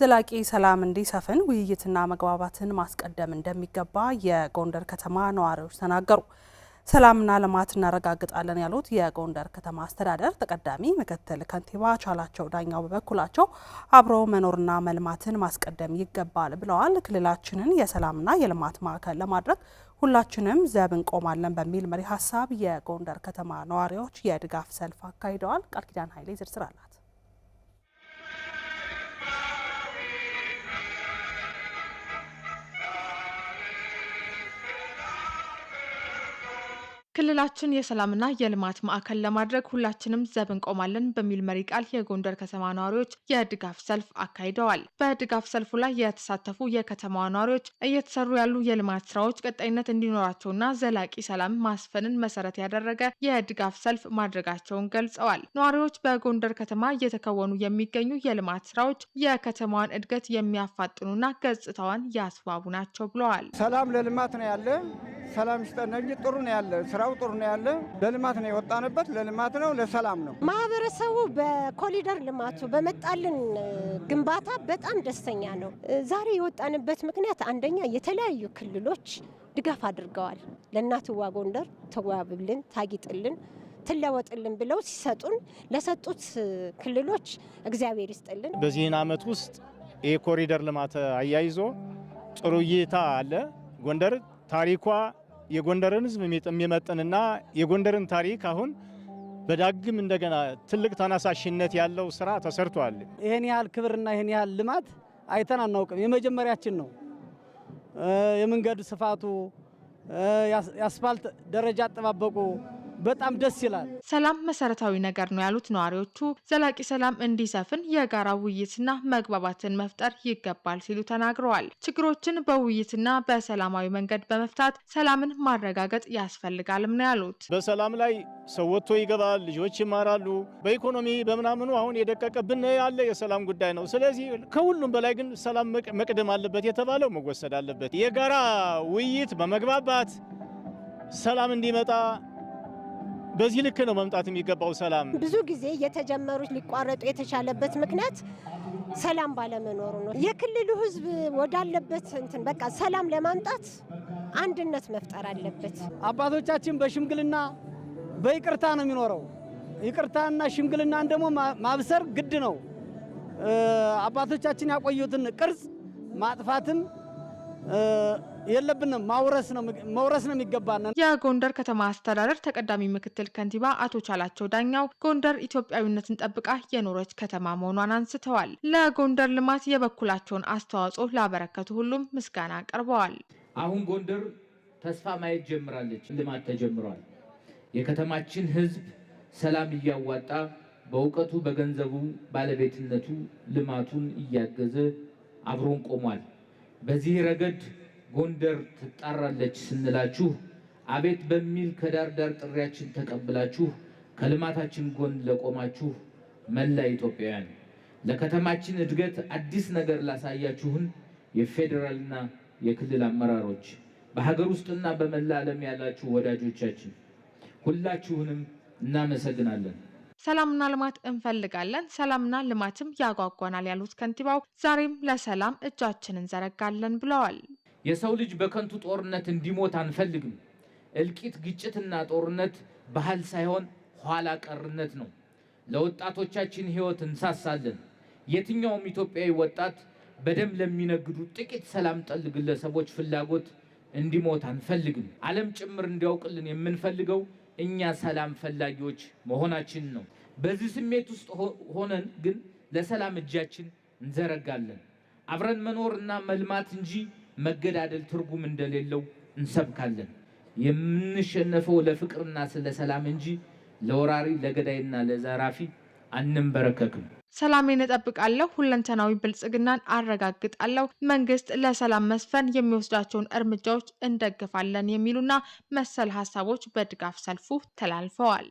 ዘላቂ ሰላም እንዲሰፍን ውይይትና መግባባትን ማስቀደም እንደሚገባ የጎንደር ከተማ ነዋሪዎች ተናገሩ። ሰላምና ልማት እናረጋግጣለን ያሉት የጎንደር ከተማ አስተዳደር ተቀዳሚ ምክትል ከንቲባ ቻላቸው ዳኛው በበኩላቸው አብሮ መኖርና መልማትን ማስቀደም ይገባል ብለዋል። ክልላችንን የሰላምና የልማት ማዕከል ለማድረግ ሁላችንም ዘብ እንቆማለን በሚል መሪ ሀሳብ የጎንደር ከተማ ነዋሪዎች የድጋፍ ሰልፍ አካሂደዋል። ቃል ኪዳን ኃይሌ ዝርዝር አላት። ክልላችን የሰላምና የልማት ማዕከል ለማድረግ ሁላችንም ዘብ እንቆማለን በሚል መሪ ቃል የጎንደር ከተማ ነዋሪዎች የድጋፍ ሰልፍ አካሂደዋል። በድጋፍ ሰልፉ ላይ የተሳተፉ የከተማዋ ነዋሪዎች እየተሰሩ ያሉ የልማት ስራዎች ቀጣይነት እንዲኖራቸውና ዘላቂ ሰላም ማስፈንን መሰረት ያደረገ የድጋፍ ሰልፍ ማድረጋቸውን ገልጸዋል። ነዋሪዎች በጎንደር ከተማ እየተከወኑ የሚገኙ የልማት ስራዎች የከተማዋን እድገት የሚያፋጥኑና ገጽታዋን ያስዋቡ ናቸው ብለዋል። ሰላም ለልማት ነው ያለ ሰላም ይስጠን እንጂ ጥሩ ነው ያለ ስራው ጥሩ ነው ያለ። ለልማት ነው የወጣንበት፣ ለልማት ነው፣ ለሰላም ነው። ማህበረሰቡ በኮሊደር ልማቱ በመጣልን ግንባታ በጣም ደስተኛ ነው። ዛሬ የወጣንበት ምክንያት አንደኛ የተለያዩ ክልሎች ድጋፍ አድርገዋል። ለእናትዋ ጎንደር ተዋብልን፣ ታጊጥልን ትለወጥልን ብለው ሲሰጡን ለሰጡት ክልሎች እግዚአብሔር ይስጥልን። በዚህን አመት ውስጥ የኮሪደር ልማት አያይዞ ጥሩ እይታ አለ። ጎንደር ታሪኳ የጎንደርን ህዝብ የሚመጥንና የጎንደርን ታሪክ አሁን በዳግም እንደገና ትልቅ ተነሳሽነት ያለው ስራ ተሰርቷል። ይህን ያህል ክብርና ይህን ያህል ልማት አይተን አናውቅም። የመጀመሪያችን ነው። የመንገድ ስፋቱ፣ የአስፋልት ደረጃ አጠባበቁ በጣም ደስ ይላል። ሰላም መሰረታዊ ነገር ነው ያሉት ነዋሪዎቹ ዘላቂ ሰላም እንዲሰፍን የጋራ ውይይትና መግባባትን መፍጠር ይገባል ሲሉ ተናግረዋል። ችግሮችን በውይይትና በሰላማዊ መንገድ በመፍታት ሰላምን ማረጋገጥ ያስፈልጋልም ነው ያሉት። በሰላም ላይ ሰው ወጥቶ ይገባል፣ ልጆች ይማራሉ። በኢኮኖሚ በምናምኑ አሁን የደቀቀብን ያለ የሰላም ጉዳይ ነው። ስለዚህ ከሁሉም በላይ ግን ሰላም መቅደም አለበት የተባለው መወሰድ አለበት። የጋራ ውይይት በመግባባት ሰላም እንዲመጣ በዚህ ልክ ነው መምጣት የሚገባው። ሰላም ብዙ ጊዜ የተጀመሩ ሊቋረጡ የተቻለበት ምክንያት ሰላም ባለመኖሩ ነው። የክልሉ ህዝብ ወዳለበት እንትን በቃ ሰላም ለማምጣት አንድነት መፍጠር አለበት። አባቶቻችን በሽምግልና በይቅርታ ነው የሚኖረው። ይቅርታና ሽምግልናን ደግሞ ማብሰር ግድ ነው። አባቶቻችን ያቆዩትን ቅርጽ ማጥፋትም የለብንም ማውረስ ነው መውረስ ነው የሚገባን። የጎንደር ከተማ አስተዳደር ተቀዳሚ ምክትል ከንቲባ አቶ ቻላቸው ዳኛው ጎንደር ኢትዮጵያዊነትን ጠብቃ የኖረች ከተማ መሆኗን አንስተዋል። ለጎንደር ልማት የበኩላቸውን አስተዋጽኦ ላበረከቱ ሁሉም ምስጋና አቅርበዋል። አሁን ጎንደር ተስፋ ማየት ጀምራለች። ልማት ተጀምሯል። የከተማችን ህዝብ ሰላም እያዋጣ በእውቀቱ፣ በገንዘቡ፣ ባለቤትነቱ ልማቱን እያገዘ አብሮን ቆሟል። በዚህ ረገድ ጎንደር ትጣራለች ስንላችሁ አቤት በሚል ከዳርዳር ጥሪያችን ተቀብላችሁ ከልማታችን ጎን ለቆማችሁ መላ ኢትዮጵያውያን ለከተማችን እድገት አዲስ ነገር ላሳያችሁን የፌዴራልና የክልል አመራሮች በሀገር ውስጥና በመላ ዓለም ያላችሁ ወዳጆቻችን ሁላችሁንም እናመሰግናለን። ሰላምና ልማት እንፈልጋለን፣ ሰላምና ልማትም ያጓጓናል ያሉት ከንቲባው ዛሬም ለሰላም እጃችን እንዘረጋለን ብለዋል። የሰው ልጅ በከንቱ ጦርነት እንዲሞት አንፈልግም። እልቂት፣ ግጭትና ጦርነት ባህል ሳይሆን ኋላ ቀርነት ነው። ለወጣቶቻችን ሕይወት እንሳሳለን። የትኛውም ኢትዮጵያዊ ወጣት በደም ለሚነግዱ ጥቂት ሰላም ጠል ግለሰቦች ፍላጎት እንዲሞት አንፈልግም። ዓለም ጭምር እንዲያውቅልን የምንፈልገው እኛ ሰላም ፈላጊዎች መሆናችን ነው። በዚህ ስሜት ውስጥ ሆነን ግን ለሰላም እጃችን እንዘረጋለን። አብረን መኖርና መልማት እንጂ መገዳደል ትርጉም እንደሌለው እንሰብካለን። የምንሸነፈው ለፍቅርና ስለ ሰላም እንጂ ለወራሪ ለገዳይና ለዘራፊ አንንበረከክም። ሰላሜን እጠብቃለሁ፣ ሁለንተናዊ ብልጽግናን አረጋግጣለሁ፣ መንግስት ለሰላም መስፈን የሚወስዳቸውን እርምጃዎች እንደግፋለን የሚሉና መሰል ሀሳቦች በድጋፍ ሰልፉ ተላልፈዋል።